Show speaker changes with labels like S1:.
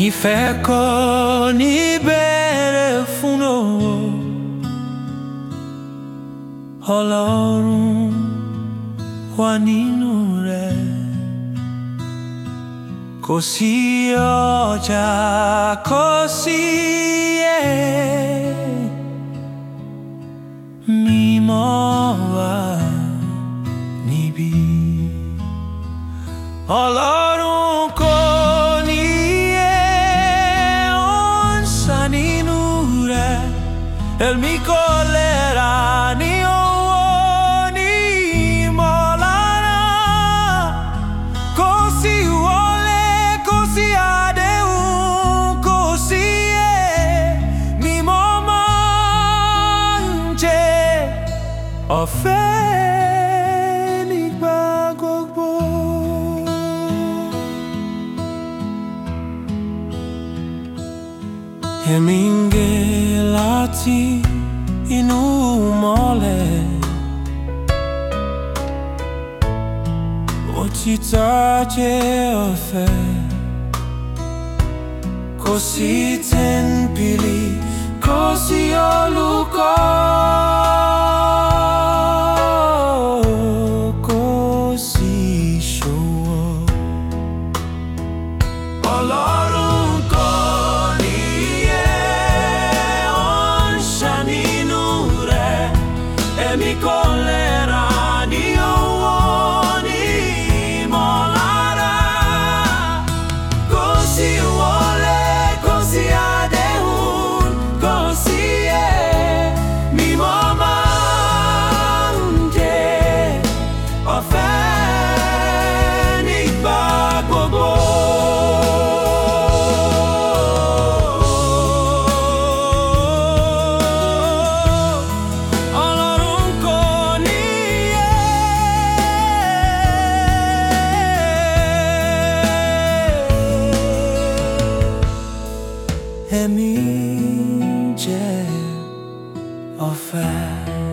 S1: Ìfẹ́ kọ́ ni fún òwò Ọlọ́run wà nínú rẹ̀ kò sí ọjà kò sí ẹ̀ mímọ́ wà níbí el mi kolera ni o ni molarà così vuole così un così e mi mo manche o fenik bagogbo e mingue lati inumole Ocitace ofe Così tempili, così io lucro
S2: mi corazón. keménye a fel.